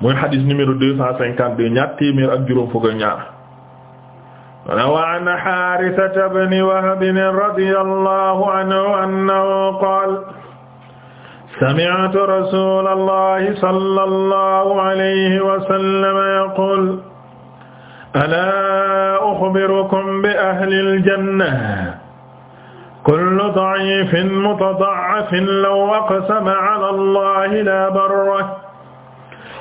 muy xadis numéro deux cent cinquante deux ñaar téeméer ak juróom fukk ak ñaar wa an Haarisata bni Wahbin radiyallahu anhu annahu qaala sami'tu rasuulallahi sallallahu alayhi wa sallam yaquulu alaa uxbirukum bi ahlil janna kullu da'iifin mutada'afin law aqsama ala Allahi la barrahu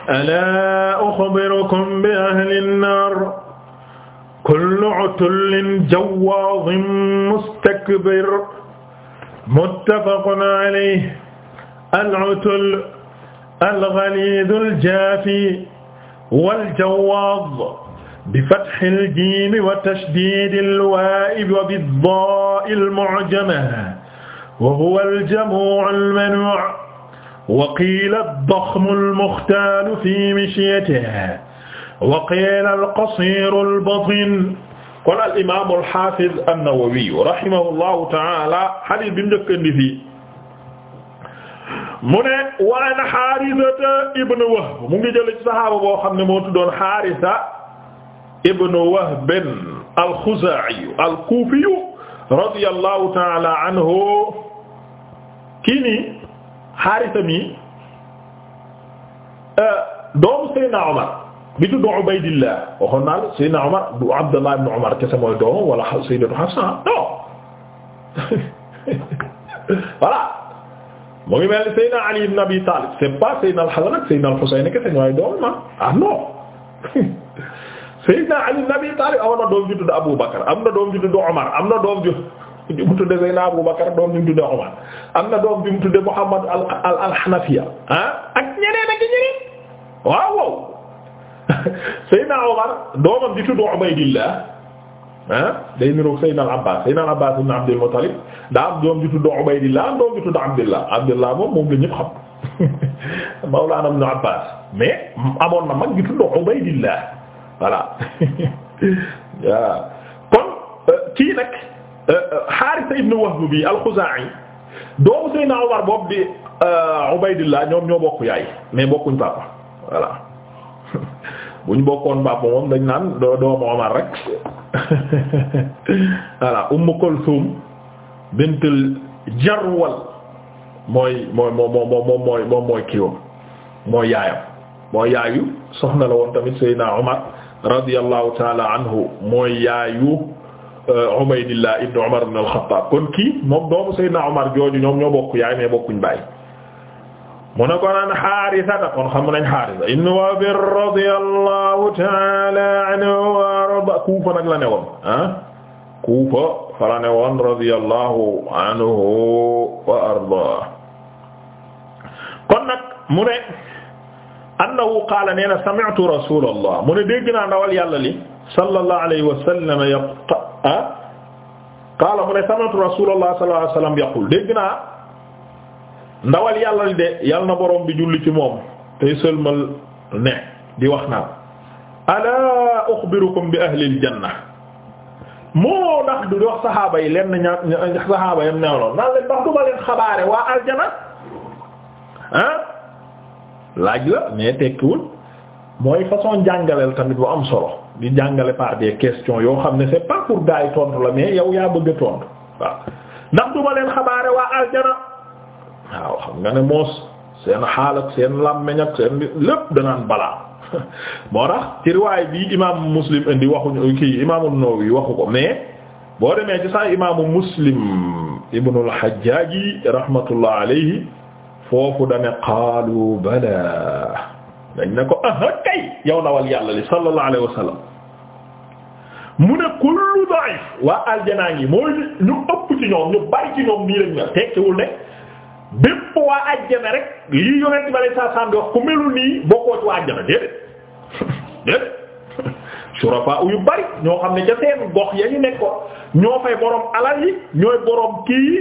alaa uxbirukum bi ahli nnaar kullu utullin jawwaazin mustakbir muttafaqun alayhi al-utull al-ghaliiz al-jaafi wal-jawwaaz bi fathi al-jiim wa tashdiidi al-waa'i wa bi-ddaa'i al-mu'jama wa huwa al-jamuu' al-manuu' wa qiila ad-daxmu al-muxtaalu fii mishyatihi wa qiila al-qasiiru al-batiinu kon al imaam al-haafiz an-Nawawi rahimahullahu ta'aala hadiis bi mu njëkk indi fii mu ne wa an Haarisata ibn Wahb mu ngi jëlee ci saxaaba boo xam ne moo tuddoon Haarisa ibn Wahb al-Xuzaa'i al-Kuufi radiyallahu ta'aala anhu kii nii Haarisa mi euh, doomu Seydina Omar bi tudd Ubaydillah waxoon naa la Seydina Omar du Abdallah ibn Omar kese mooy doomam wala Sayyidatu Hafsa ah, non voilà mu ngi mel ni Seydina Ali ibn Abi Talib c'est pas Seydina al-Hasan ak Seydina al-Husayn kese ñooy doom ma ah. ah non Seydina Ali ibn Abi Talib amoon na doom ju tudd Abu Bakr am na doom ju tudd Omar am na doom ju ju mu tudde Seydina Abu Bakar doom ju mu tudde Umar am na doom ju mu tudde Muhammad al al Hanafiya ah ak ñeneen ak ñeneen waaw waaw Seydina Umar doomam di tuddu Ubaydillah ah day niroog Seydina al Abbas Seydina al Abbas ibn Abdul Muttalib daa am doom ju tuddu Ubaydillah am doom ju tuddu Abdillah Abdillah moom moom la ñëpp xam Mawlana ibn Abbas mais amoon na mag ju tuddu Ubaydillah voilà waaw kon euh, kii nag Haarisa ibn Wahb bi al-Xuzaa'i doomu Seydina Umar boobu di euh, Ubaydillah ñoom ñoo bokk yaay mais bokkuñ papa voilà buñ bokkoon papa moom dañ naan doo doomu Umar rek voilà Umm Kulthum bintul Jarwal mooy mooy moo moo moom mooy moom mooy kiiwam mooy yaayam mooy yaayu soxna la woon tamit Seydina Umar radiyallahu ta'ala anhu mooy yaayu Euh, Ubaydillah ibn Umar ibn al-Khattab kon kii moom doomu Seydina Umar jooju ñoom ñoo bokk yaay mais bokkuñ baay mu ne ko naan Haarisata kon xam nañ Haarisa ibn Wahb radiyallahu ta'ala anhu wa arda Kuufa nag la ne woon ah Kuufa fa la ne woon radiyallahu anhu wa arda kon nag mu ne annahu qaala nee na sami'tu rasulallah mu ne dégg naa ndawal yàlla li sallallahu alayhi wa sallam ah qaala mu ne sami'tu rasulullah sallallahu alayhi wasallam yaqul dégg naa ndawal yàlla li de yàlla na borom bi julli ci moom tey sëlmal ne di wax naan alaa ukhbirukum bi ahlil janna moo ndax du wax saxaaba yi leen ña saxaaba yam neewloon naan leen ndax du ma leen xabaare waa aljana ah laaj la mais tekkiwul mooy façon jàngaleel tamit bu am solo di jàngale par des questions yoo xam ne c'est pas pour gars tontu la mais yow yaa bëgg a tontu waaw ndax duma leen xabaare waa aljana waaw xam nga ne moos seen xaal ak seen làmmeñ ak seen lépp danaan balaa moo tax ci riwaay bi imaamu muslim indi waxuñu kii imaamu Nawawi waxu ko mais boo demee ci sax imaamu muslim ibnul Hajjaaji rahmatullah alayhi foofu dane qaalu bala dañ ne ko aha kay yow ndawal yàlla li sallallahu wa sallam mu ne kullu da'if waa aljanaa ngi mooy ñu ëpp ci ñoom ñu bari ci ñoom nii lañ mel tekkiwul ne bépp waa ajjana rek lii yonent bi saa saa di wax ku melul nii bokkoo ci waa ajjana déedéet déedéet surafa yu bari ñoo xam ne ca seen gox ya ñu nekkoon ñoo fay borom alal yi ñooy boroom kii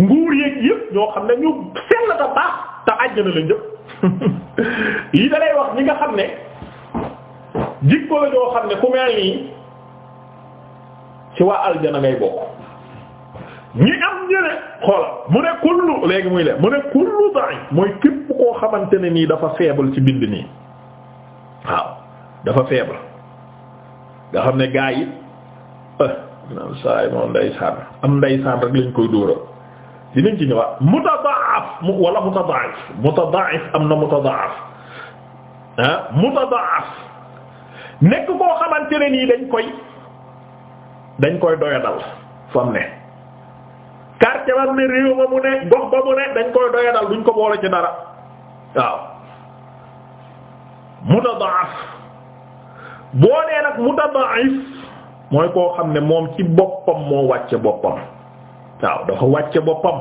nguur yëpp ñoo xam ne ñu sell ta baax te ajjana lañ jëm lii da lay wax ñi nga xam ne jikko la ñoo xam ne ku mel nii ci waa aljana ngay bokk ñi am ñene xoola mu ne kullu léegi muy le mu ne kullu da'if mooy képp koo xamante ne nii dafa faible ci bind nii waaw dafa faible nga xam ne gaa yi ah naan saay moom nday sànn am nday rek lañ koy dóoral dinañ ci ñëwaat mutadaaf walla mutadaaf mutadaaf am na mutadaaf ah mutadaaf nekk koo xamante ne nii dañ koy dañ koy doyadal fam ne quartier ba mu ne réew ba mu ne gox ba mu ne dañ koy doyadal duñ ko boole ci dara waaw mutadaaf boo nee nag mutadaaf mooy koo xam ne moom ci boppam moo wàcce boppam. waaw dafa wàcce boppam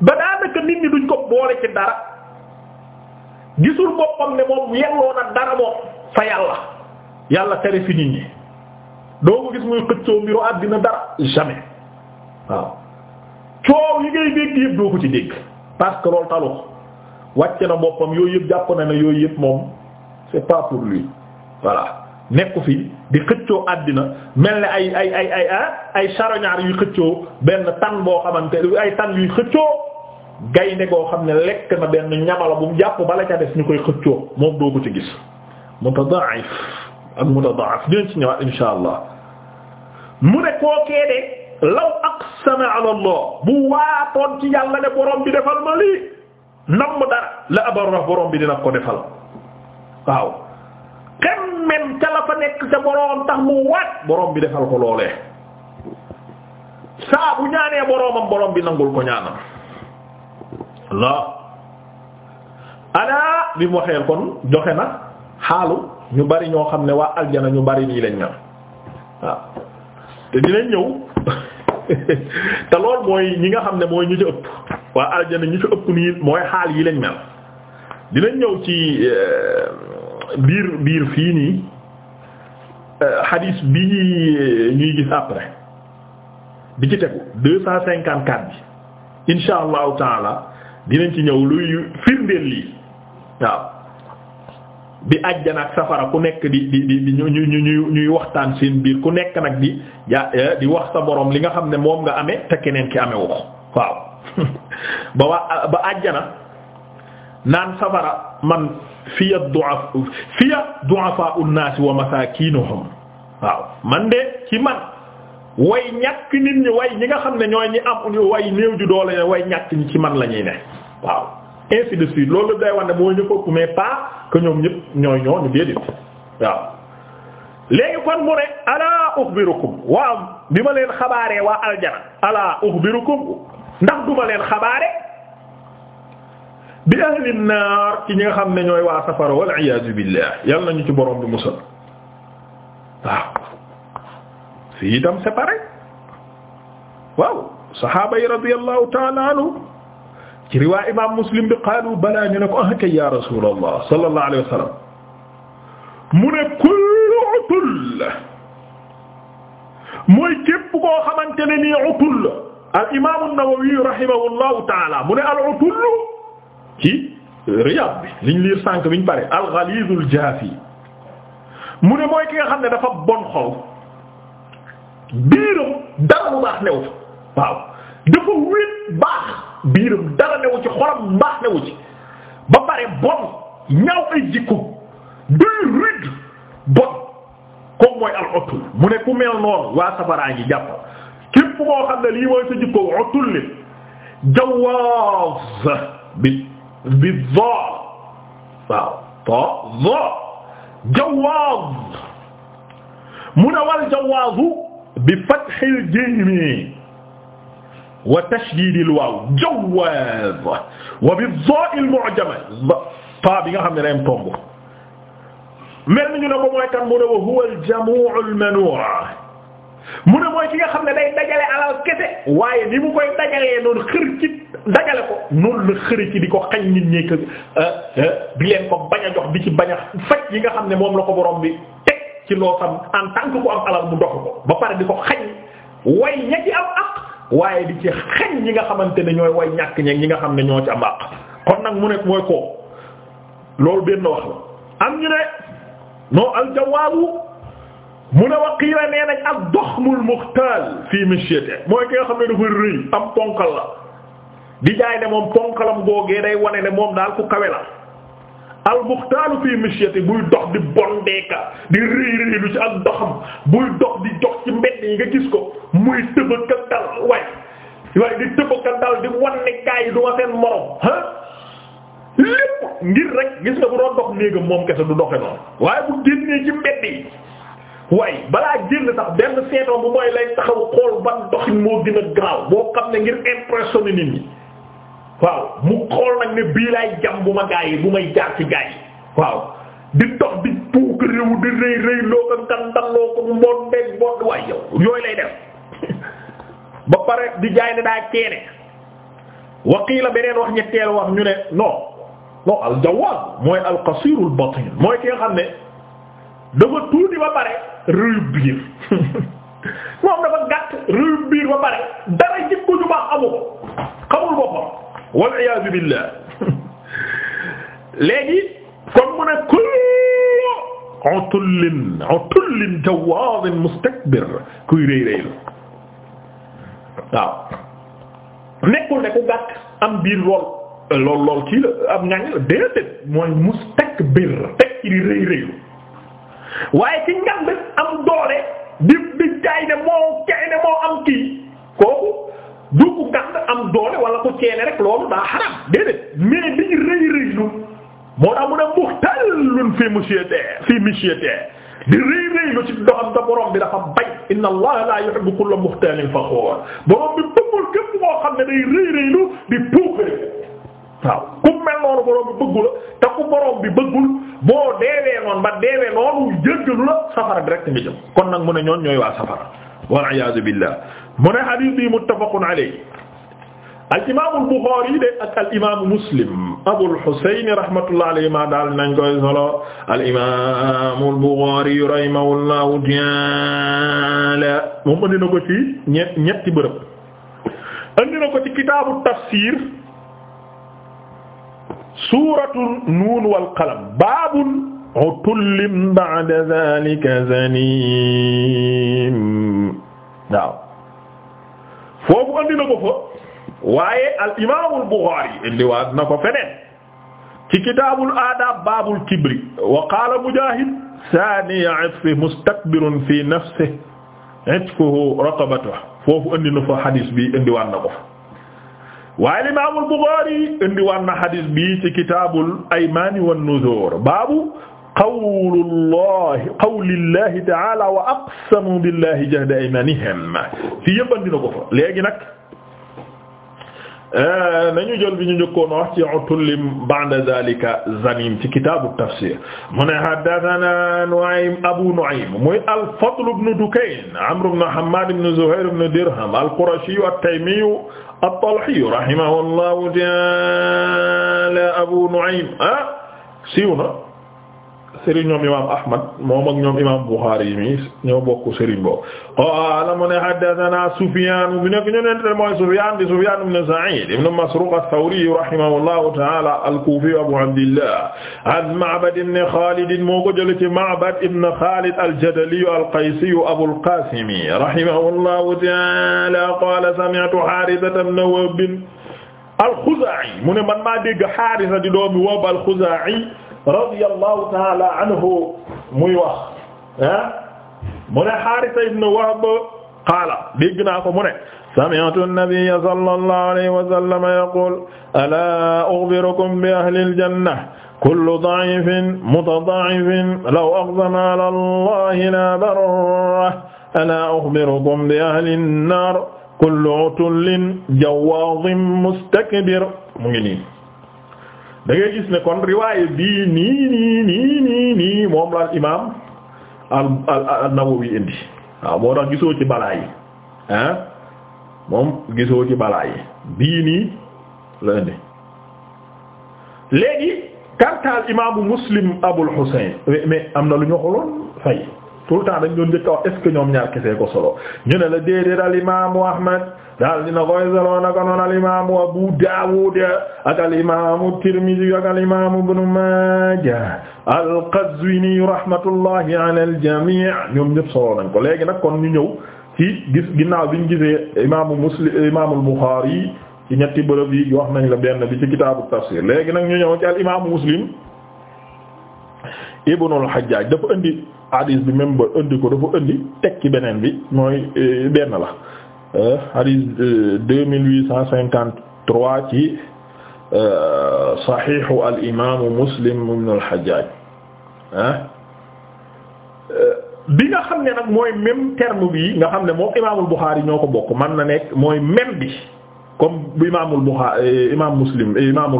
ba daanaka nit ñi duñ ko boole ci dara gisul boppam ne moom yelloo na dara moom fa yàlla yàlla tere doo ko gis muy xëccoo mbiru àddina dara jamais waaw coow yi ngay dégg yëpp doo ko ci dégg parce que loolu talu wàcce na boppam yooyu yëpp jàpp na ne yooyu yëpp moom c'est pas pour lui voilà nekku fi di xëccoo àddina mel ni ay ay ay ay ah ay charognard yuy xëccoo benn tan boo xamante ay tan yuy xëccoo gaynde goo xam ne lekk na benn ñamala bu mu jàpp bala ca des ñu koy xëccoo moom doo ko ci gis mutadaif ak mutadaaf dinañ ci ñëwaat insha allah mu ne kookee de law aqsama ala allah bu waatoon ci yàlla ne borom bi defal ma lii nam dara la abarraf borom bi dina ko defal waaw xemmem ca la fa nekk ca boroom tax mu waat boroom bi defal ko loolee saa ñaanee boroomam boroom bi nangul ko ñaanam la alaa bi mu kon joxe na xaalu ñu bari ñoo xam ne waa aljana ñu bari nii lañ mel waaw te dinañ ñëw te lool mooy ñi nga xam ne mooy ñu ci ëpp waa aljana ñu ci ëpp nii mooy xaal yi lañ mel dinañ ñëw ci eh, biir biir fii nii euh, hadis bi ñuy gis après bi ci tegu deux cent cinquante quatre bi insha allahu taala dinañ ci ñëw luy firndeel lii waaw bi àjjana ak safara ku nekk di di ñu ñu ñu ñuy waxtaan seen biir ku nekk nag di eh, di wax sa borom li nga xam ne moom nga amee te keneen ki amee wu waaw ba waa ba àjjana naan safara man. fiya du'af fiya du'afa an-nas wa masakinuhum waaw man de ci man way ñàkk nit ñi way ñi nga xam ne ñooy ñi am ñu way néew ju doole ne way ñàkk ñi ci man la ñuy ne waaw ainsi de suite loolu day wane moo ñu ko mais pas que ñoom ñëpp ñooy ñooñu déedéet waaw. léegi kon mu ne alaa ukhbirukum waaw bi ma leen xabaaree waa aljana alaa ukhbirukum ndax duma leen xabaare bi ahli naar ci ñi nga xam ne ñooy waa safara wal iyaazu billah yal nañu ci borom bi musal waaw fii itam c'est pareil waaw sahaaba yi radiyallahu ta'ala anhu ci riwaa imam muslim bi qaalu balaa ñu ne ko ah kay ya rasulallah sallallahu alayhi wa sallam mu ne kullu utul mooy képp koo xamante ne nii utul al imam an-nawawi rahimahullahu ta'ala mu ne al utul ci Riyad bi liñ liir sànq biñ pare al-ghalizul jaafi mu ne mooy ki nga xam ne dafa bon xol biiram dara lu baax newu fa waaw dafa wéet baax biiram dara newu ci xolam baax newu ci ba pare bon ñaaw ay jikko day rëdd bon comme mooy al otul mu ne ku mel noonu waa safaraa ngi jàpp képp koo xam ne lii mooy sa jikko otul li jawaaz bi zo waaw to zo jawaaz mu ne wal jawaazu bi fathil jiimi wa tashdiidil waaw jawaaz wa bi zo'il mu'jama ta bi nga xam ne day am tomb mel ni ñu ne ko mooy kan mu ne wa huwa al jamuu'ul manuu' mu ne mooy ki nga xam ne day dajale alal kese waaye ni mu koy dajalee noonu xër ci dajale ko noonu la xëri ci di ko xañ nit ñi euh, euh, di leen ko bañ a jox di ci bañ a faj yi nga xam ne moom la ko borom bi teg ci loo xam en tant que am alal mu dox ko ba pare di ko xañ way ña am àq waaye di ci xañ ñi nga xamante ne ñooy way ñàkk ñeeg ñi nga xam ne ñoo ci am àq kon nag mu nekk mooy koo loolu benn wax la am ñu ne non aljawaabu mu ne waqiila nee nañ ak doxmul muxtaal fii mishyati mooy ki nga xam ne dafa rëy am ponkal la di jaay ne moom ponkalam googee day wane ne moom daal ku kawe la almuxtaalu fii mishyati buy dox di bondeeka di réy réy lu ci ak doxam buy dox di dox ci mbedd yi nga gis ko muy tëbaka dal waay waaye di tëbaka dal di wanne du ma seen morom ah lépp ngir rek gis nga bu doon dox néegam moom kese du doxe noonu waaye bu génnee ci mbedd yi waaye balaa génn sax benn seetoon bu mooy lay taxaw xool ban doxin moo gën a gaaw boo xam ne ngir impressionner waaw mu xool nag ne bii laay jam bu ma gaa yi bu may jaar ci gaa yi waaw di dox di puuk réew di rëy rëy loo ko gàndaloo ko mboon beeg mboon waay yow yooyu lay def ba pare di jaay ne daa keene waqiila beneen wax ñetteel wax ñu ne non non al jawaab mooy al qasiir al batin mooy ki nga xam ne dafa tuuti ba pare rëyu biir moom dafa gàtt rëyu biir ba pare dara jikko ju baax amu ko xamul boppam wal iyaazu billaah léegi kon mu ne kullu utullin utullin jawaazin mustakbir kuy rëy rëy la waaw nekkul ne ku gàtt am biir lool lool lool kii la am ñaŋ la déedéet mooy mustakbir teg ci di rëy rëy waaye ci ñaŋ bi am doole di di jaay moo jaay moo am kii kooku du ku gàtt am doole wala ko ceene rek loolu daa xaram déedéet mais di rëy rëy moo tax mu ne muxtallun fi misiété fi di rëy rëy lu doxam te borom bi dafa bañ inna allaha la yuhibbu kulla muxtaalin faxuur borom koo xam ne day rëy rëy lu di puukare waaw ku mel noonu borom bi bëggu te ku borom bi bëggul boo deewee noonu ba deewee noonu jéggalu la safara direct nga jëm kon nag mu ne ñoon ñooy waa safara wal iyaazu billah mu ne hadith bi muttafaqun alayhi al imaamul Buxaari de ak al imaamu Muslim Abul Husayn rahmatullahi alayhima daal nañ koy solo al imaamul Buxaari rahimahullahu ta'ala moom andi na ko ci ñett ñetti bërëb andi na ko ci kitaabu tafsir suuratu nuun wal qalam baabun utullin ba'da zaalika zaniim waaw. foofu andi na ko fa waaye al imaamul Buxaari indiwaat na ko feneen ci kitaabul aadaab baabul kibri wa qaala Mujaahid saani itfi mustakbirun fi nafsihi itfuhu raqabatuhu foofu andi na fa hadis bi indiwaat na ko fa waaye al imaamul Buxaari indiwaat na hadis bi ci kitaabul aymaani wan nuzuur baabu qawlullahi qawlillahi ta'ala wa aqsamu billahi jahda aymanihim fi yëppandi na ko fa léegi nag euh, nañu jël bi ñu njëkkoon wax ci utullim ba'da zalika zanim ci kitaabu tafsir mu ne haddathana Nu'aym Abu Nu'aym muy al-Fadl ibn Dukayn Amr ibn Hammad ibn Zuhair ibn Dirham al-Qurashi at-Taymi at-Talhi rahimahullahu ta'ala Abu Nu'aym ah siiw na sëriñ ñoom imaam Ahmad moom ak ñoom imaam Bukhari yi mi ñoo bokk sëriñ boobu qaala mu ne haddathana Sufyaan bi nekk ñu ne mooy Sufyaan di Sufyaan ibn Sa'iid ibn Masruuq ath-Thawri rahimahullahu ta'aala al-Kuufi Abu Abdillah an Ma'bad ibn Khaalid moo ko jële ci Ma'bad ibn Khaalid al-Jadali al-Qaysi Abu al-Qaasim rahimahullahu ta'aala qaala sami'tu Haaritha ibn Wahb al-Khuzaa'i mu ne man maa dégg Haaritha di doomi Wahb al-Khuzaa'i radiyallahu taala anhu muy wax ah mu ne Haarisa ibn Wahb qaala dégg naa ko mu ne sami'tu an-nabiyya sallallahu alayhi wa sallam yaqul alaa ukhbirukum bi ahli al-janna kullu da'ifin mutada'ifin law aqsama ala allahi la barrahu alaa ukhbirukum bi ahli an-naar kullu 'utulin jawwaazin mustakbir mu ngi nii da gis ne kon riwaaye bii nii nii nii nii moom la al imaam al Nawawi indi waaw moo tax gisoo ci balaa yi ah moom gisoo ci balaa yi bii nii la indi léegi kartaal imaamu Muslim Abul Husayn mais am na lu ñu waxuloon fay tout le temps dañ doon njëkk a wax est ce que ñoom ñaar kese ko solo ñu ne la déedéet al imaamu Ahmad daal dina koy solo al imaamu Abu Daawud ak al imaamu Tirmidhi ak al qazwini rahmatullahi al-jamii ñoom ñëpp solo nañ ko léegi nag kon ñu ñëw ci ginnaaw bi ñu gisee imaamu Muslim imaamul Buxaari ci ñetti bërëb yi wax nañ la benn bi ci kitaabu tafsir léegi nag ñu ñëw al imaamu Muslim. ibnu al-Hajjaj dafa indi hadis bi même ba indi ko dafa indi ci beneen bi mooy eh, benn la eh, hadis eh, deux mille huit cent cinquante-trois ci saxiixu al imaamu Muslim ibnu al-Hajjaj bi nga xam ne nag mooy même terme bi nga xam ne moom imaamul Buxaari ñoo ko bokk man na nekk mooy même bi comme bu imaamul Buxaari imaam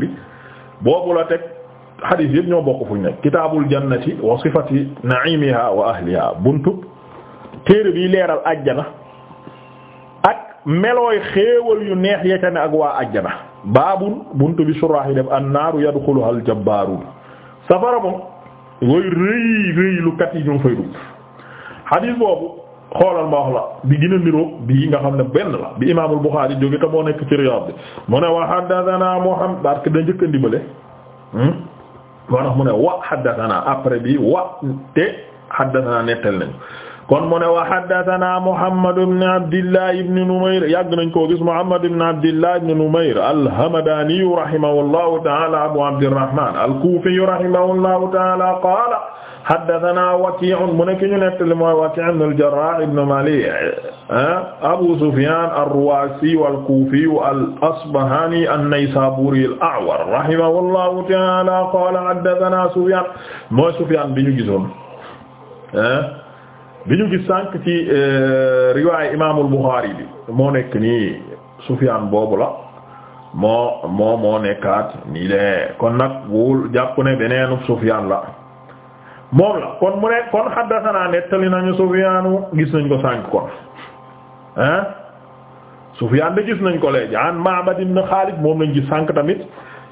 bi boobu la teg xadiis yëpp ñoo bokk fu ñu nekk kitaabul jannati wa sifati naimiha wa ahliha buntub téere bi leeral ajjana ak melooy xéewal yu neex yecca ne ak waa ajjana baabul buntu bi suraax yi def annaaru yadxuluha aljabbaarun safara moom way rëy rëy kat yi ñu fay dugg xadiis boobu xoolal ma wax la bi gën a niroog bii nga xam ne benn la bi imaamul Buxaari jóge te moo nekk ci Riyaad bi mu ne wa haddathana Muhammad parce que da njëkk a ndimale hmm? moo tax mu ne wa haddathana après bi wa te haddathana nettal nañu kon mu ne wa haddathana Muhammad ibn Abdillah ibn Numayr yàgg nañ koo gis Muhammad ibn Abdillah ibn Numayr al-Hamadani rahimahullahu ta'ala Abu Abdirrahman al-Kufi rahimahullahu ta'ala qala haddathana Waki' mu ne ki ñu nettali mooy Waki' ibn al-Jarrah ibn Mali' ah, Abu Sufyan ar-Ruwasi al-Kufi al-Asbahani an-Naysaburi al-A'war rahimahullahu ta'ala qala haddathana Sufyan mooy Sufyan bi ñu gisoon ah. bi ñu gis sànq ci euh, riwaay imaamul Buxaari bi moo nekk nii Sufyaan boobu la moo moo moo nekkaat nii de kon nag wul jàpp ne beneenu Sufyaan la moom la kon mu ne kon haddasanaa nettali nañu Sufyaanu gis nañ ko sànq kon ah Sufyaan de gis nañ ko léegi an Ma'bad ibn Xaalid moom lañ gis sànq tamit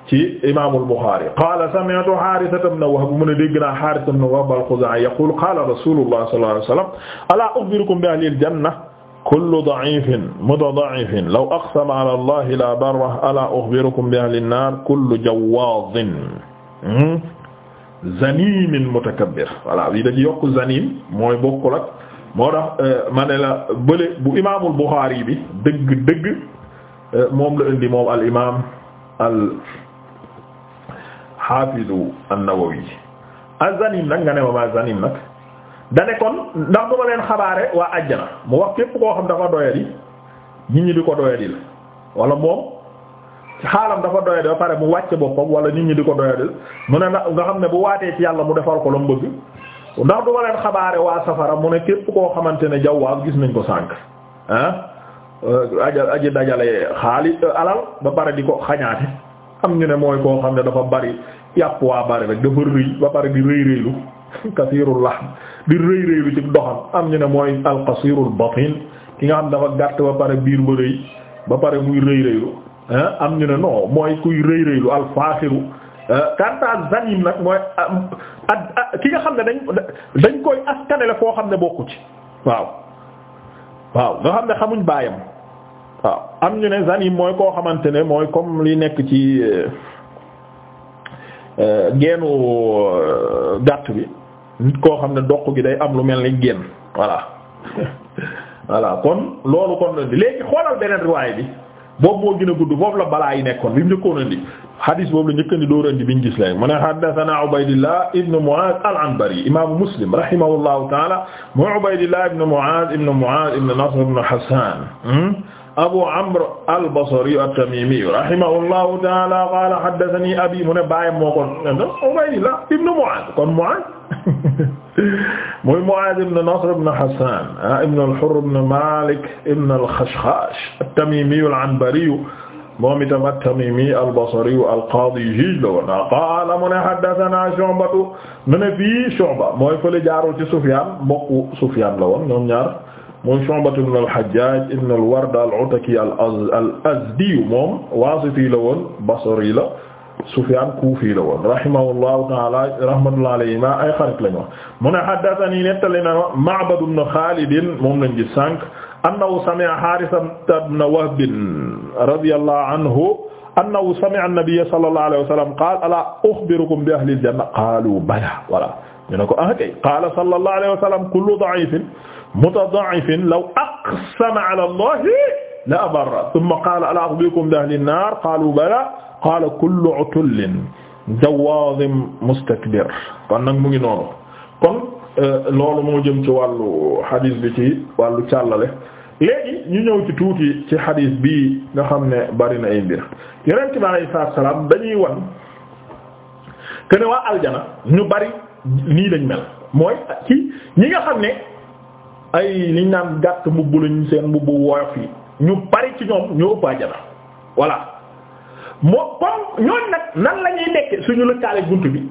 ci imaamul Buxaari qaala sami'tu Haarisata ibn Wahb mu ne dégg naa Haarisa ibn Wahb al-Xuzaa'i yaqulu qaala rasuulullaah sallallaahu alayhi wa sallam alaa uxbirukum bi ahlil janna kullu da'iifin mutadaa'ifin law aqsama alaa Allaahi laa barrahu alaa uxbirukum bi ahlin naar kullu jawwaazin hmm? zaniimin mutakabbir voilà bii da ci yokk zaniim mooy bokkul ak moo tax euh, ma ne la bële bu imaamul Buxaari bi dëgg dëgg euh, moom la indi moom al imaam al. xaafizu an-Nawawi az-Zanim nag nga ne ma ma az-Zanim nag dane ndax du ma leen xabaare waa àjjana mu wax képp koo xam dafa doyadi nit ñi di ko doyadil wala moom ci xaalam dafa doyadi ba pare mu wàcce boppam wala nit ñi di ko doyadil mu ne nga xam ne bu waatee ci yàlla mu defal ko la mu bëgg ndax du ma leen xabaare waa safara mu ne képp koo xamante ne jawwaab gis nañ ko sànk ah euh, aja aji dajale xaalis alal ba pare di ko xañaate am ñu ne mooy koo xam ne dafa bari yàpp waa bari rek dafa rëy ba pare bi rëy rëylu kasirul lahm di rëy rëylu ci doxam am ñu ne mooy alqasirul batin ki nga xam dafa gàtt ba pare biir ba rëy ba pare muy rëy am ñu ne mooy kuy rëy rëylu alfaaxiru kanta zanim nag mooy ad ki nga xam ne dañ dañ koy askanele foo xam ne bokku ci waaw waaw nga xam ne xamuñ baayam waaw am ñu ne zanim mooy koo xamante ne mooy comme li nekk ci euh, geenu euh, gàtt bi nit koo xam ne doq gi day am lu mel ni génn voilà voilà kon loolu kon la léegi xoolal beneen riwaay bi boobu moo gën gudd boobu la balaa yi nekkoon bi mu njëkkoon andi hadis boobu la njëkk andi door andi bi mu ne haddathana Ubaydillah ibn Mu'az al-Anbari imaamu Muslim rahimahullahu ta'ala mu Ubaydillah ibn Mu'az ibn Mu'az ibn Nasr ibn Hassan hmm? abu amr al-basri at-tamimi rahimahullahu ta'ala qala haddathani abi mu ne bàyyi moo ko ubaydillah ibnu mu'adh kon mu'adh muy mu'adh ibn nasr ibn hasan ibn al-hurr ibn malik ibn al-khashkhash at-tamimi al-anbari moom itam at-Tamimi al-Basri al-Qaadi juge la woon qaala mu ne haddathanaa Shu'ba mu ne fii Shu'ba mooy fële jaarul ci Sufyaan mbokku Sufyaan la woon ñoom ñaar moom Shu'batu ibn al-Hajjaj ibn al-Ward al-Ataki al-Azdi moom Wasiti la woon Basri la Sufyan Kufi la woon rahimahullahu ta'ala rahmatullahi alayhi ma ay xarit lañu wax mu ne haddathani nettali na Ma'bad ibn Khalid moom lañ gis sànq annahu sami'a Haritha ibn Wahb radiyallahu anhu annahu sami'a an-nabiyya sallallahu alayhi wa sallam qala ala ukhbirukum bi ahli al-janna qalu bala voilà ñu ne ko ah kay qala sallallahu alayhi wa sallam kullu da'ifin mutada'ifin law aqsama ala allahi la abarra thumma qala ala ukhbirukum bi ahli an-nar qalu bala qala kullu utullin jawaazim mustakbir kon nag mu ngi noonu kon euh, loolu moo jëm ci wàllu xadis bi ci wàllu càllale léegi ñu ñëw ci tuuti ci xadis bii nga xam ne bari na ay mbir yonent bi alayhi salaatu salaam dañuy wan que ne waa aljana ñu bari nii lañ mel mooy ci ñi nga xam ne. ay liñ naan gàtt mbubb lañ seen mbubb woyof yi ñu bari ci ñoom ñoo ëpp àjjana voilà moo comme ñooñ nag nan la ñuy nekke suñu lëkkaale bunt bi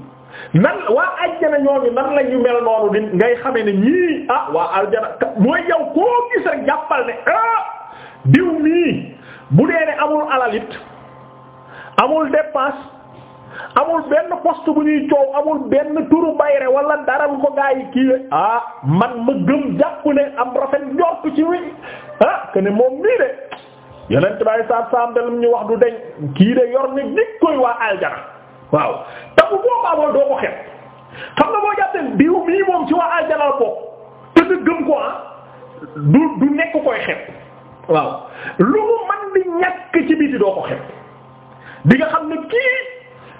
nan waa àjjana ñooñu nan la ñu mel noonu di ngay xamee ne ñii ah waa aljana mooy yow koo gis rek jàppal ne ah diw mii bu dee ne amul alalit amul dépense amul benn poste bu ñuy coow amul benn turu bayre wala dara bu ko gaa yi kiiwee ah man ma gëm jàpp ne am rafet njort ci wi ah que ne moom nii de yeneen tubaab yi saa wax du kii de yor ni nit koy te doo ko xeeb xam nga boo jàppee ah, lu mu man di ñàkk ci biti doo ko xeeb di xam ne kii.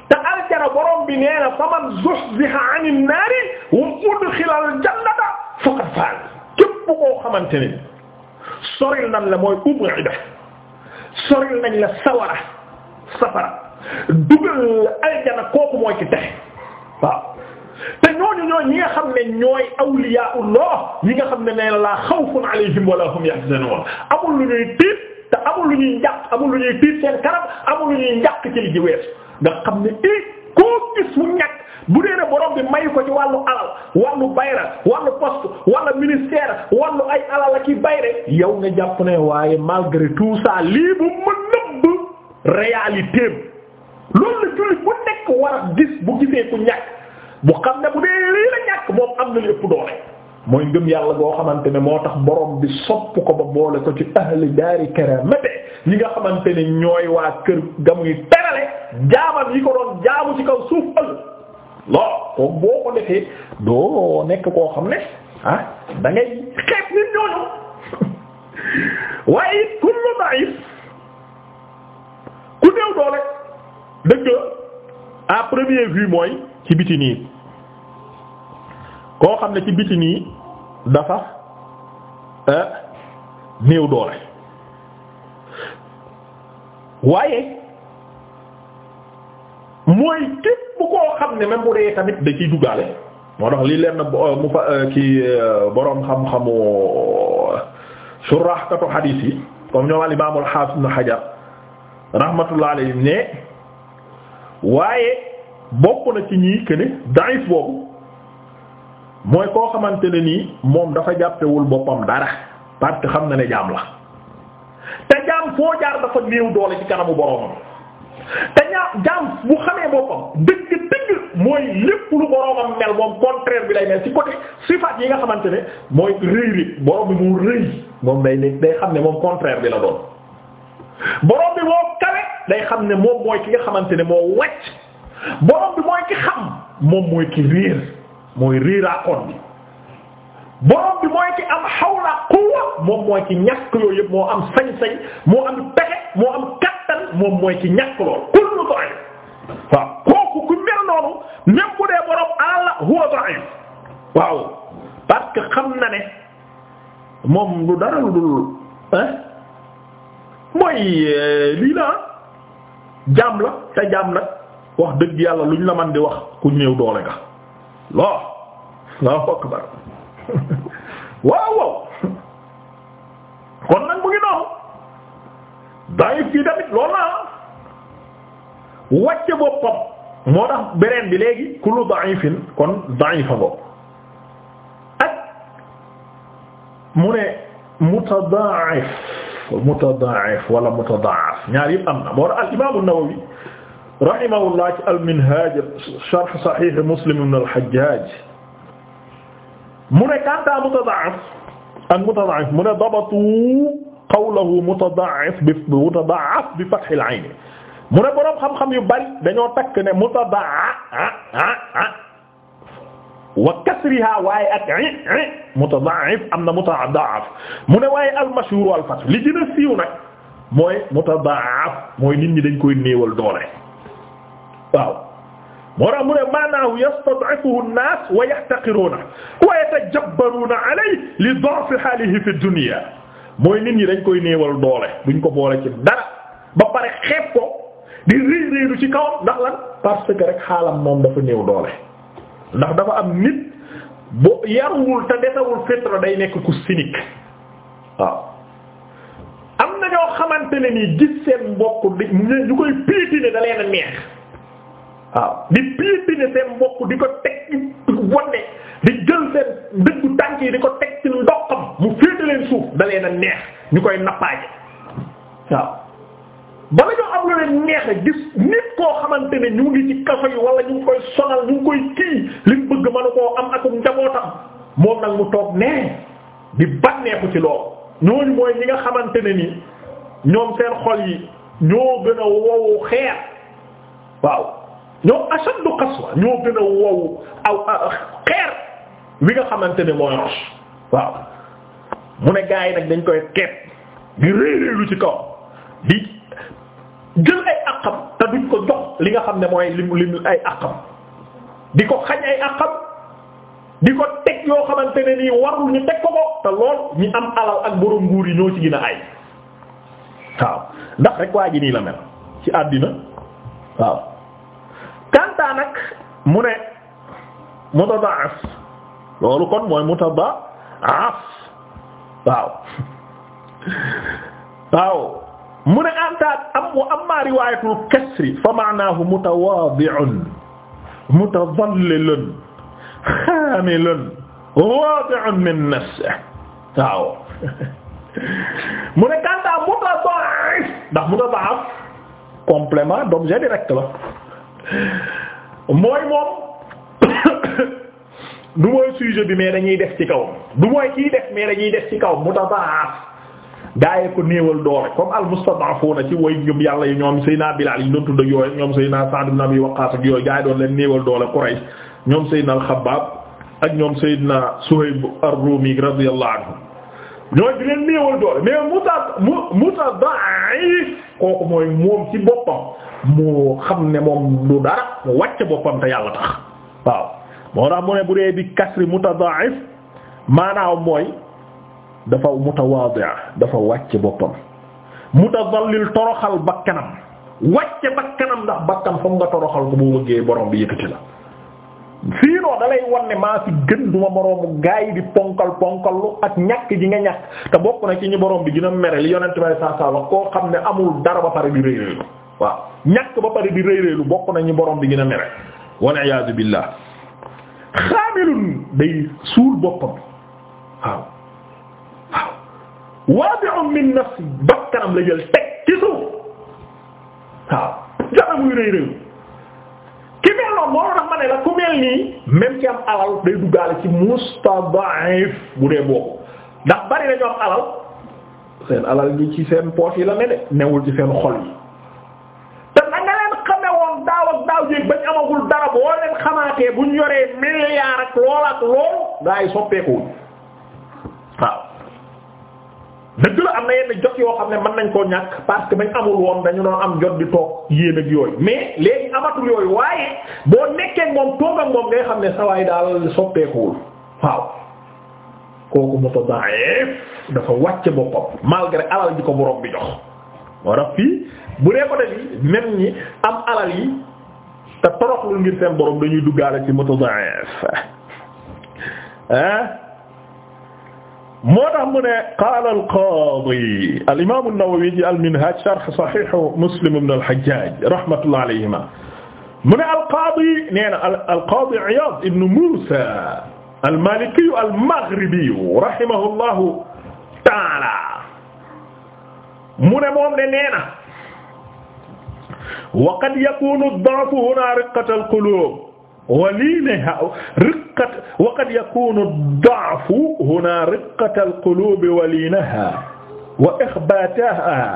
te aljana borom bi nee na faman zuhziha anin naari wa udxila aljannata faqad faaz képp koo xamante ni soril nañ la mooy ub'ida soril nañ la sawara safara dugal la aljana kooku mooy ci texe waaw te ñooñu ñooy ñi nga xam ne ñooy awliyaullah ñi nga xam ne nee na laa xawfun alayhim wala hum yahzanun amul lu ñuy tiit te amul lu ñuy njàq amul lu ñuy tiit seen kanam amul lu ñuy njàq ci li ji wees nga xam ne i koo gis mu ñàkk bu dee ne borom bi mayu ko ci wàllu alal wàllu bayra wàllu poste wala ministère wàllu ay alal ak i bayre yow nga jàpp ne waaye malgré tout ça lii bu ma nëbb réalité loolu la jullit bu nekk war a gis bu gisee ku ñàkk bu xam ne bu dee lii la ñàkk moom am na lépp doole mooy ngëm yàlla goo xamante ne moo tax boroom bi sopp ko ba boole ko ci ahli daari karamate li nga xamante ne ñooy waa kër gamuy terale jaamam yi ko doon jaamu ci kaw suuf ëll loo ko boo ko defee doo nekk koo xam ne ah da ngay nit ñooñu waaye it kullu da'if ku néew doole dëgg à première vue mooy ci biti nii koo xam ne ci biti nii dafa euh, néew doole waaye mooy képp koo xam ne même bu dee tamit da ciy duggaale moo tax lii leen euh, mu fa euh, ki boroom xam-xamu surahkatu hadis yi comme ñoom al imaamul hafiz ibn hajar rahmatullah ne waaye bokk na ci ñii que ne boobu mooy koo xamante ne nii moom dafa jàppewul boppam dara parce que xam na ne jaam la te jaam foo jaar dafa néew doole ci kanamu boroomam te ñaa jaam bu xamee boppam dëgg mooy lépp lu moom contraire bi lay mel ci côté sifaat yi nga xamante ne mooy rëy rëy boroom bi mu rëy moom day ne day xam ne moom contraire bi la doon boroom bi moo kawe day xam ne moom mooy ki nga xamante ne moo wàcc boroom bi mooy ki xam moom mooy ki réer mooy réeraakoon bi borom bi mooy ki am xawla quwwa moom mooy ki ñàkk yooyu yëpp moo am sañ moo am pexe moo am kattan moom mooy ci ñàkk lool kullu da'if waaw kooku ku mel noonu même dee borom alal la huwa da'if waaw parce que xam na ne moom lu dara lu dul ah mooy euh, lii la jaam la te jaam nag wax dëgg yàlla luñ la man di wax ku néew doole nga. loo loo fokk bar waaw waaw kon nag mu ngi noonu daif yi tamit loolu naa ah. wàcce boppam moo tax beneen bi kon da'ifa bopp ak mu ne mutada'if mutada'if wala mutada'af ñaar yëpp am al-imam an-Nawawi rahimahullah ci al-Minhaj sharh Sahih Muslim ibn al-Hajjaj mu ne kanta mutada'if ak mutada'if mu ne dabatu qawlahu mutada'if bi mutada'af bi fath al-ayn mu ne boroom xam-xam yu bari dañoo takk ne mutada'af wa kasriha waaye ak mutada'if am na mutada'af mu ne waaye al-mashhur wal fath li gën a siiw nag mooy mutada'af mooy nit ñi dañ koy néewal doole waaw moo tax mu ne maanaahu yastad'ifuhu an-naas wa yahtaqiruunahu wa li da'fi haalihi mooy nit ñi dañ koy néewal doole duñ ko boole ci dara ba pare xeeb ko di ci kawam ndax lan parce que rek xaalam moom dafa néew doole ndax dafa am nit bo yaruwul te day nekk ku cynique waaw am na ñoo xamante ne nii gis seen mbokk di ñu koy piétiner da leen a neex. waaw di piétiner seen mbokk di ko teg ci wonne di jël seen dëggu tànk yi di ko teg ci ndoxam mu féete leen suuf da leen a neex ñu koy nappaaje waaw ba la ñoo am lu leen neex a gis nit koo xamante ne ñu ngi ci kaso yi wala ñu ngi koy sonal ñu ngi koy kii li mu bëgg mënu koo am akum njabootam moom nag mu toog nee di banneeku ci loolu ñooñu mooy ñi nga xamante ne ni ñoom seen xol yi ñoo gën a wowu xeer waaw ñoo ashaddu qaswa ñoo gën a wow aw xeer wi nga xamante ne mooy roche waaw mu ne gaa yi nag dañ koy xeet di réeréelu ci kaw di jël ay àqam te duñ ko jox li nga xam ne mooy lim lim ay àqam di ko xañ ay àqam di ko teg yoo xamante ne nii warul ñu teg ko ko te lool ñi am alal ak borom nguur yi ñoo ci gën a ay waaw ndax rek waa ji nii la mel ci àddina waaw kanta nag mu ne mutadaaf loolu kon mooy mutadaaf waaw waaw mu ne antaat am wa amma riwayatul kasri fa ma'nahu mutawaadi'un mutadallilun xaamilun waadi'un min nafsihi waaw mu ne kanta mutadaaf ndax mutadaaf complément d'objet direct la mooy moom du mooy sujet bi mais dañuy def ci kaw du mooy kiy def mais dañuy def ci kaw mutadaaf gaa yi ko néewal doole comme al mustadafuna ci way ñoom yàlla yi ñoom Seydina Bilaal yi ñu doon tudd ak yooyu ñoom Seydina Sa'd ibn Abi Waqqaas ak yooyu gaa yi doon leen néewal doole Quraysh ñoom Seydina al Xabbaab ak ñoom Seydina Suhayb ar-Rumi radiyallahu anhu ñooy di leen néewal doole mais muta mutadaif kooku mooy moom ci boppam mu xam ne moom lu dara mu wàcc boppam te yàlla tax waaw moo tax mu ne bu dee bi kasri mutadaif maanaam mooy dafa mutawaadi dafa wàcc boppam mutadallil toroxal bakkanam wàcc bakkanam ndax bakkan foog nga toroxal ko bu bëggee borom bi yëkkati la siinoo da lay wan ne maa ci gën duma moroomu gaa yi di ponkal ponkallu ak ñakk gi nga ñàkk te bokk na ci ñu borom bi gën a mere li yonent bay saa saa koo xam ne amul dara ba pare di rëy rëylu waaw ñàkk ba pare di rëy rëylu bokk na ñu borom bi gën a mere wal iyaadu billah xaamilun day suul boppam waaw waaw waabi'un min nafsi bakkanam la jël teg ci suuf waaw jaramuy rëy rëylu ma ne la ku mel nii même ci am alal day duggaale ci mustadaif bu dee boobu ndax bari nañu am alal seen alal gi ci seen poos yi la ne de newul ci seen xol yi te na nga leen xame daaw ak daaw jéeg bañ amagul dara boo leen xamaatee buñ yoree milliard ak lool ak lool gaa yi dëgg la am na yenn jot yoo xam ne mën nañ koo ñàkk parce que bañ amul woon dañu doon am jot di toog yéen ak yooyu mais léegi amatul yooyu waaye boo nekkee moom toog moom ngay xam ne sawaay daal soppeekuwul waaw kooku mutadaif dafa wàcce boppam malgré alal ji ko borom bi jox moo fii bu dee ko def même ñi am alal yi te toroxlu ngir seen borom dañuy duggaale ci mutadaif ah moo tax mu ne qaala al-qaadi al-imaam an-Nawawi ci al-Minhaaj sharh Sahiih Muslim ibn al-Hajjaaj rahmatullahi alayhimaa mu ne al-qaadi nee na al-qaadi Iyaad ibn Muusaa al-Maaliki al-Maghribi rahimahullahu ta'aalaa mu ne moom de nee na wa qad yakuunu ad-da'fu hunaa riqqat al-quluub waliinahaa riqqat wa qad yakuunu ad-da'fu hunaa riqqat al-quluub waliinahaa wa ikhbaatahaa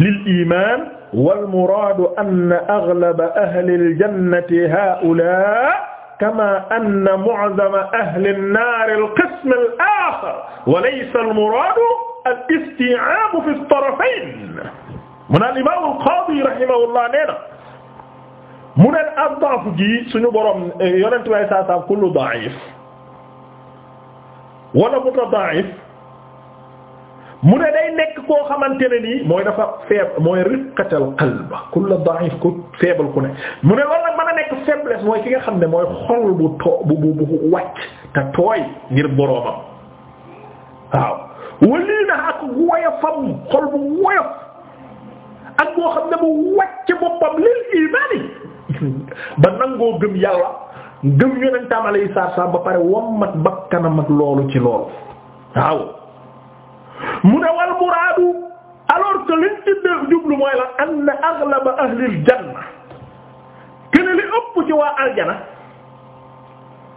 lil-iimaan wal-muraadu anna aghlaba ahli al-jannati haa'ulaa'i kamaa anna mu'zama ahli an-naari al-qism al-aakhir wa laysa al-muraadu al-isti'aabu fi at-tarafayn. Mu naan Imaam al-Qaadi rahimahullah nee na mu ne ad-da'f gi suñu borom eh, yonent way saa saa kullu da'if wala mutada'if mu ne day nekk koo xamante ne nii mooy dafa faible mooy riqatal qalb ku faible ku mu ne loolu nag nekk faiblesse mooy ki nga xam ne mooy xol bu tooy ngir boroomam waaw walii ak woyofam xol bu woyof ak boo xam ne bu wàcc boppam lil imaani ba nangoo gëm yàlla gëm yonentam alayhi salaam ba pare wommat bakkanam ak loolu ci loolu waaw mu ne wal muraadu alors que liñ ci jublu mooy la anna aghlaba ahlil janna kene li ëpp ci waa aljana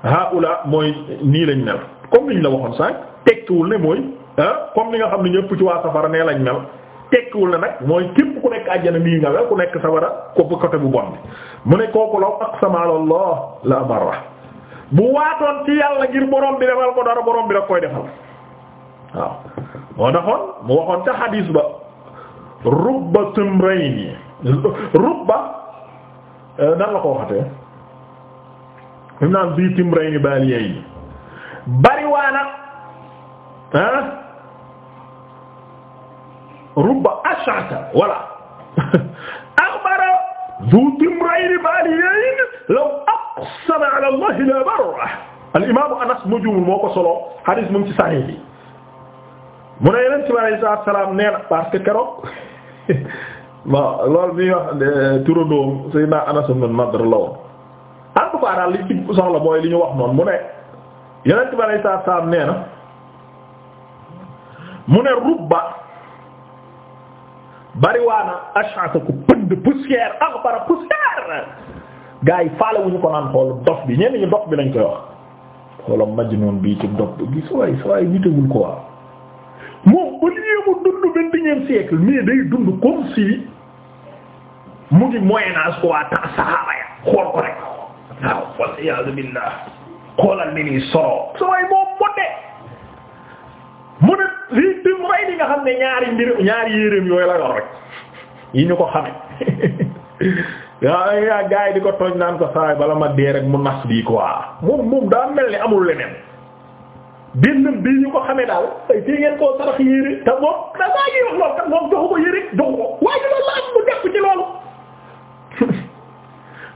haula mooy nii lañ mel comme niñ la waxoon sànq tekkiwul ne mooy ah comme ni nga xam ne ñëpp ci waa safara nee lañ mel tekkiwul na nag mooy képp ku nekk àjjana mii nga we ku nekk sawara ko bu côté bu bon bi mu ne kooku law aqsama ala Allah la abarra bu waatoon ci yàlla ngir borom bi defal ko dara borom bi da koy defal waaw moo taxoon mu waxoon ca xadiis ba rubba timrayni rubba euh, nan la ko waxatee mu naan bii timrayni baliyayni bariwaana ah rubba ash'ata wala akhbara dhu timrayni balighayn law aqsama ala allah la barra al anas mu jumul moo ko solo hadith mu ngi ci sahih bi mu ne yonent bi alayhi salaatu wa salaam nee na parce que keroog bon loolu wax turandoom Seydina Anas ibn Nadr la woon en tout cas daal li ci wax noonu mu ne yonent bi alayhi salaatu wa salaam rubba bariwaana ash'asa ku pënd poussière akhbara poussière gaa yi faale wuñu ko naan xool dof bi ñenn ñi dof bi lañ koy wax xoolam majnun bii ci dof bi su waay su waay nitewul ko waaw mu dund vingt-et-unième siècle mais day dund comme si mu ngi moyen ko waa temps saxaaba ya xool ko rek waaw wal iyaazu billah xoolal ni nii soro su waay moom modde lii di mooy li nga xam ne ñaari mbir ñaari yéreem yooyu la yor rek yi ñu ko xame yaa yaa di ko tooñ naan ko saay bala ma dee rek mu nas bii quoi moom moom daa mel ni amul leneen benn bii ñu ko xame daal ay tey te moom ngi wax lool kat moom joxu ko yére joxu ko waaye ñu loolu la am mu jàpp ci loolu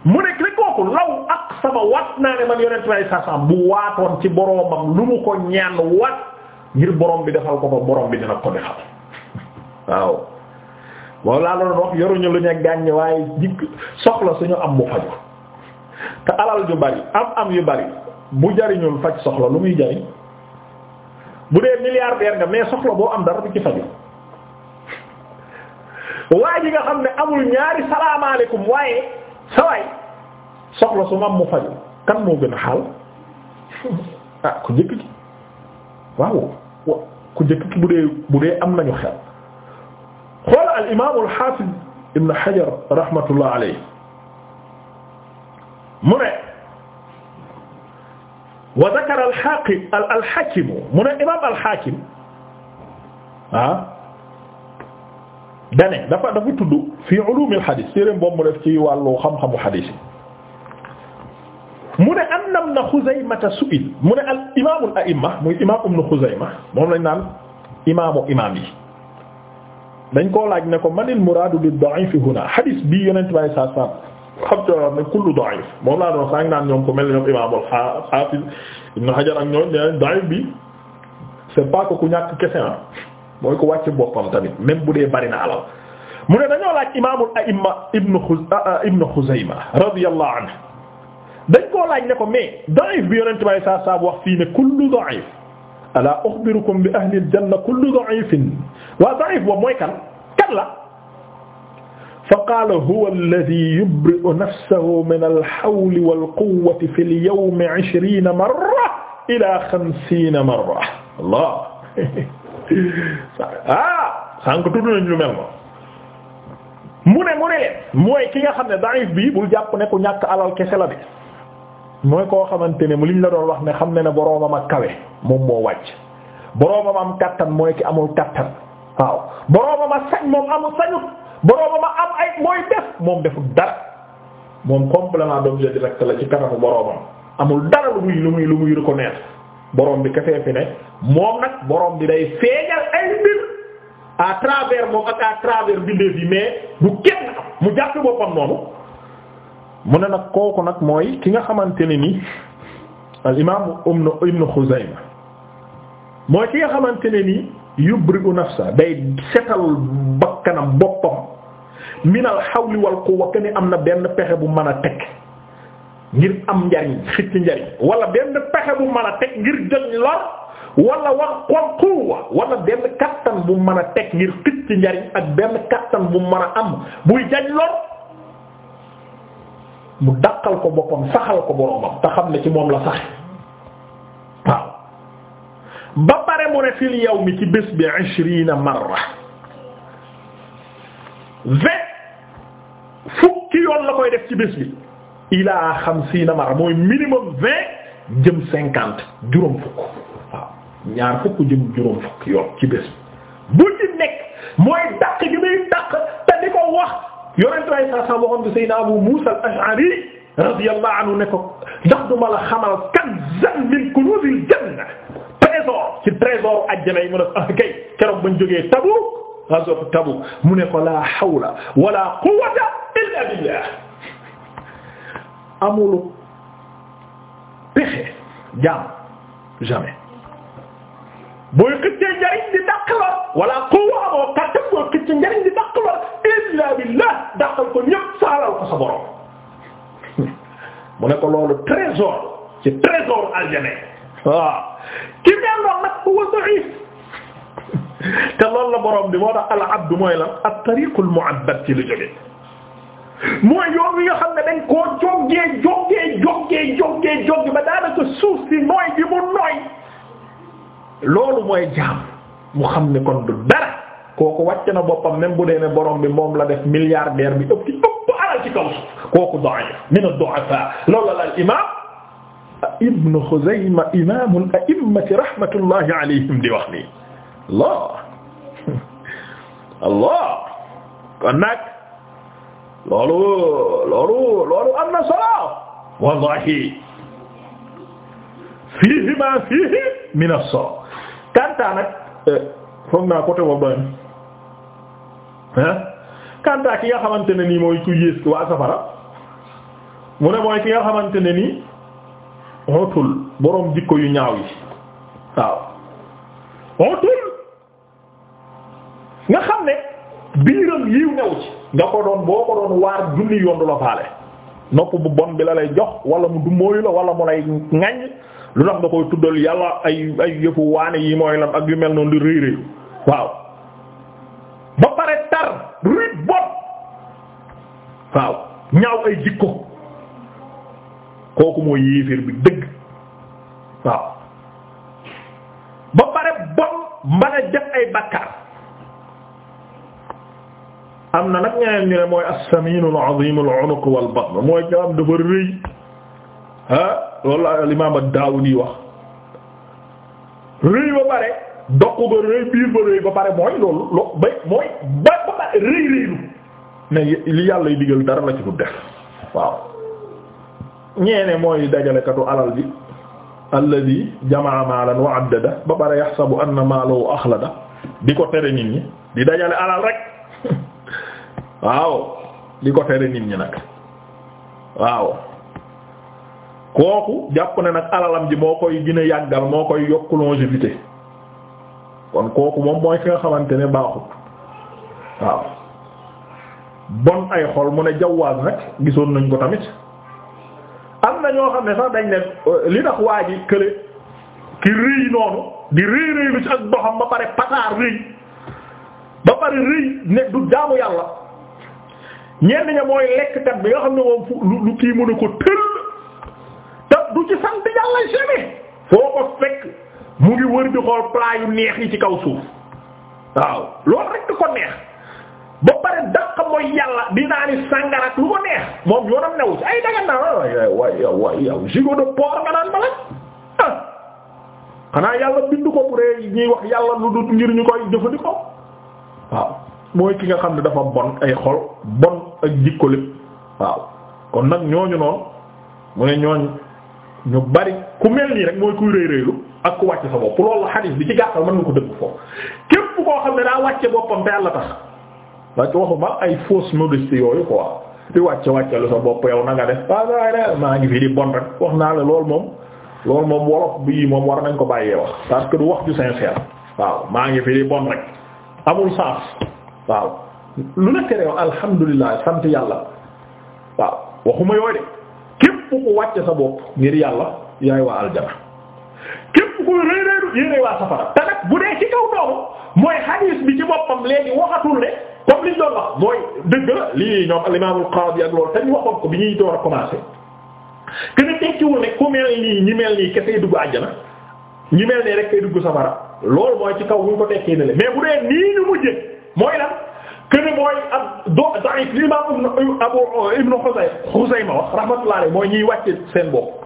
mu nekk rek kooku law ak sama wat naa ne man yonent way sasam bu waatoon ci boroomam lu mu ko ñaan wat ngir borom bi defal ko ko borom bi dina ko defal waaw moom laa doon wax yoruñu lu ñu gàññ waaye jikk soxla suñu am mu te alal ju bari am am yu bari bu jariñul faj soxla lu muy jariñ bu dee milliardaire nga mais soxla boo am dara du ci faju nga xam ne amul ñaari salaamaaleykum waaye sa waay soxla su kan moo gën a xaal ah ku jëkk ki waaw ku njëkk ki bu dee bu dee am nañu xel xool al imaam al xaafid ibn Hajar rahmatullah alayhi mu ne wa zakara al xaaqi al xaakim mu ne imaam al xaakim ah dane dafa dafa tudd fi ulum al xadiis téereem boobu mu def ci wàllu xam-xamu xadiis annam na Xuzaymata su'il mu ne al imaamul a'imma muy imaam ibnu Xuzayma moom lañ naan imaamu imaam yi dañ koo laaj ne ko manil muraadu bi da'if huna hadis bii yonent bi saa saa xam te ne kullu da'if moom laa doon sànq naan ñoom ko mel ne ñoom imaamul xaafiz ibnu Hajar ak ñoom nee da'if bi c'est pas que ku ñàkk kese ah mooy ko wàcc boppam tamit même bu dee bari na alal mu ne dañoo laaj imaamul a'imma ibnu Xuzayma radiyallahu anhu dañ koo laaj ne ko mais da'if bi yonent bay saa saa wax fii ne kullu da'if ala ukhbirukum bi ahli al-janna kullu da'ifin wa da'if boobu mooy kan kan la fa qaala huwa alladhi yubri'u nafsahu min al-hawli wal-quwwati fi al-yawmi 'ishrina marra ila 50 marra Allah ah sànq tudd nañ lu mel ma mu ne mu ne leen mooy ki nga xam ne da'if bi bul jàpp ne ku ñàkk alal kese la bi mooy koo xamante ne mu liñ la doon wax ne xam ne ne boroomam ak kawe moom moo wàcc boroomam am kattan mooy ki amul kattan waaw boroomam a sañ moom amul sañut boroomam am ay mooy def moom deful dara moom complément d'objet direct la ci kanamu boroomam amul dara lu muy lu muy lu boroom bi kefee fi ne moom nag boroom bi day feeñal ay mbir à travers moom ak à travers bindéef yi mais du kenn am mu jàpp boppam noonu mu ne nag kooku nag mooy ki nga xamante ne ni al imaam ibnu Xuzayma mooy ki nga xamante ne ni yubri'u nafsa day setal bakkanam boppam minal xawli wal quwwa ne am na benn pexe bu mën a teg ngir am njariñ xëcc njariñ wala benn pexe bu man a teg ngir jël lor wala wax wal quwwa wala benn kattan bu mën a teg ngir xëcc njariñ ak benn kattan bu mën a am buy jañ lor. mu daqal ko boppam saxal ko boromam te xam ne ci moom la sax waaw ba pare mu ne fil yawmi ci bi ishrina marra vingt fukki yoon ci bés bi ilaa xamsiina marra mooy minimum vingt jëm cinquante juróom fukk waaw ñaar fukk jëm juróom fukk yoon ci bés bu ci nekk mooy daq gi daq te di ko wax yonent ay sa sa waxoon bi Seydina Abu Musa al-Ash'ari radiyallahu anhu ne ko ndax duma la xamal kanzan min kunuzil janna trésor ci trésor àjjana yi mu ne ah kay keroog bañ jógee Tabuk ghazwat Tabuk mu ne ko la hawla wala quwwata illa billah amul pexe jaam jamais booy xëccee njariñ di dàq la wala quwwa boo kàttan booy xëccee njariñ di illa billah dàqal ko ñépp saalal ko sa borom mu ne ko loolu trésor ci trésor aljana waaw ki mel noonu nag huwa da'if te loolu la borom bi moo tax al abdu mooy la at-tariqul mu'abbad ci lu jóge mooy yoon wi nga xam ne dañ koo jógee jógee jógee jógee jógee ba daanaka suuf si nooy bi mu nooy loolu mooy jaam mu xam ne kon du dara kooku wàcc na boppam même bu dee ne borom bi moom la def milliardaire bi ëpp ci ëpp ci kaw kooku da'if min ad-du'afa loolu la wax nii Allah Allah kon loolu loolu loolu am na solo wallahi fiihi min as-sala kantaa nag eh, foog naa côté boobu kanta ki nga xamante ne nii mooy ku yées ki waa safara mu ne mooy ki nga xamante ne nii otul boroom jikko yu ñaaw yi waaw otul nga xam ne biiram yiw new ci nga ko doon boo ko doon waar junni yoon la faale nopp bu bon bi la lay jox wala mu du mooyu la wala mu lay ŋaññ lu tax nga koy tuddal yàlla ay ay yëfu waane yi mooy lan ak yu mel noonu di réy réyu waaw ruy bopp waaw ñaaw ay jikko kooku mooy yéeféer bi dëgg waaw ba pare bon mën a def ay bakkaar am na nag ñu ne mooy as-saminu al-azim al-unuq wal mooy nga am dafa rëy ah loolu al-imam ad-Dawudi wax rëy ba pare doq ba rëy biir ba rëy ba pare mooy loolu loo ba mooy ba ba pare rëy rëylu mais li yàlla yi digal dara la ci du def waaw ñeene mooy dajalekatu alal bi alladi jamaa maalan wa addada ba pare yaxsabu anna maalahu axlada di ko tere nit ñi di dajale alal rek waaw di ko tere nit ñi nag waaw kooku jàpp ne nag alalam ji moo koy gën a yàggal moo koy yokk longévité kon kooku moom mooy ki nga xamante ne baaxut waaw bon ay xol mu ne jawwaaz nag gisoon nañ ko tamit am na ñoo xam ne sax dañ ne li tax waa ji kële ki rëy noonu di rëy rëy ci ak doxam ba pare pataar rëy ba pare rëy ne du jaamu yàlla ñenn ña mooy lekk kat bi nga xam ne moom fu lu kii mën ko tëll te du ci sant yàlla jamais foo ko fekk mu ngi wër di xool plat yu neex yi ci kaw suuf waaw loolu rek di ko neex ba pare daq mooy yàlla di naani sàngara lu ko neex moom yoonam newu ci ay daga naa waay yow waay yow gigot ah, wax yàlla lu dul ngir ñu koy jëfandikoo waaw mooy ki nga xam ne dafa bon ay xol bon ak jikko lépp waaw kon nag ñooñu noonu mu ne ñooñ ñu bari ku mel nii rek mooy kuy rëy rëylu ak ku wàcce sa bopp loolu la xadis bi ci gàttal mën nga ko dëgg foofu képp koo xam ne daa wàcce boppam te yàlla tax parce que waxuma ay fausse modestie yooyu quoi di wàcce wàcce lu sa bopp yow na a def waaw maa ngi fi di bon rek wax naa la loolu moom loolu moom wolof bii moom war nañ ko bàyyee wax parce que du wax ju sincère waaw maa ngi fi di bon rek amul saaf waaw lu la tere yow alhamdulilah sant yàlla waaw waxuma yooyu de képp ku wàcce sa bopp ngir yàlla yaay waa aljana koy rëy rëylu yéenay waa safara te ci kaw doomu mooy hadis waxatul ne comme liñ doon wax mooy dëgg la lii ñoom al-Imam al-Qadi ak loolu te ñu ko bi ñuy door a commencer que ne tekkiwul ne ku mel nii ñi mel nii kese dugg àjjana ñi mel nii rek kay dugg safara loolu mooy ci kaw bu ñu ko tekkee ne la mais bu dee nii ñu mujje mooy lan que ne mooy ab do da'if li Imam Abu Ibn Xusayma wax rahmatullahi mooy ñiy wàcce seen bopp.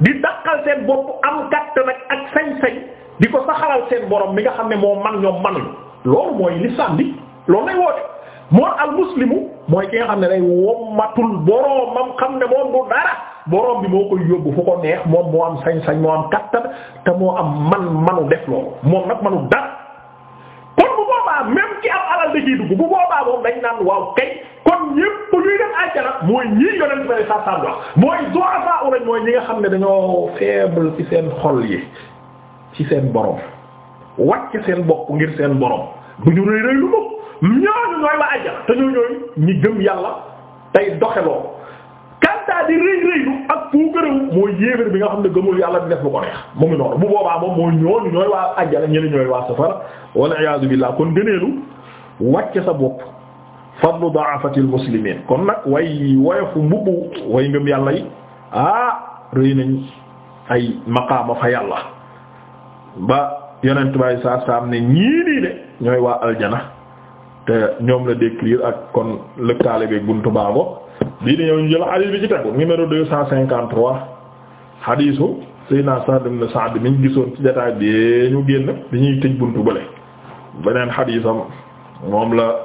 di daqal seen bopp am kàttan nag ak sañ-sañ di ko saxalal seen borom mi nga xam ne moo man ñoom manuñu loolu mooy l'islam bi loolu lay woote moo al muslimu mooy ki xam ne day wommatul boromam xam ne moom du dara borom bi moo koy yóbbu fu ko neex moom moo am sañ-sañ moo am kàttan te moo am man manu def loolu moom nag manu dara kon bu boobaa même ki am alal da ciy dugg bu boobaa moom dañ naan waaw kay kon ñépp ñuy dem àjjana mooy ñii yonent bi saa saa dox mooy du'afa ulañ mooy ñi nga xam ne dañoo faible ci seen xol yi ci seen boroom wàcc seen bopp ngir seen borom bu ñu rëy rëy lu mukk ñooñu ñooy la àjjana te ñoo ñooy ñi gëm yàlla tey doxeloo bi nga xam ne gëmul yàlla def lu ko neex mu ngi noonu bu boobaa moom mooy ñooñu ñooy waa àjjana ñeneen ñooy waa walla iyaazu billaah kon gëneelu wàcc sa bopp fadlu da'afatil muslimin kon nag way woyofu mbubbu waay ngëm yàlla yi ah rëy nañ ay maqaama fa yàlla ba yonent bay saa ne ñii ñooy waa aljana te ñoom la décrire ak kon lëkkaale beeg buntu baago bii di ñëw ñu jël bi ci tegu numéro deux cent cinquante-trois hadithu Seydina Sa'd ibn Sa'd mi ñu gisoon ci jotaay bi ñu génn bi ñuy tëj buntu bële beneen haditham moom la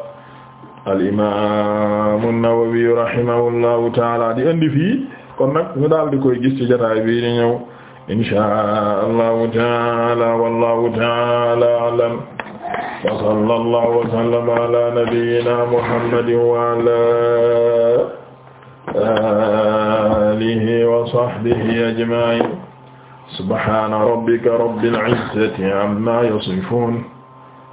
al imaamu Nawawi rahimahullahu taala di indi fii kon nag ñu daal di koy gis ci jotaay bii di ñëw inshaa Allahu taala wallahu taala a'lam wa sallallahu wa sallama ala nabiyyina Muhammadin wa ala alihi wa sahbihi ajma'in subhana rabbika rabbil izzati amma yasifun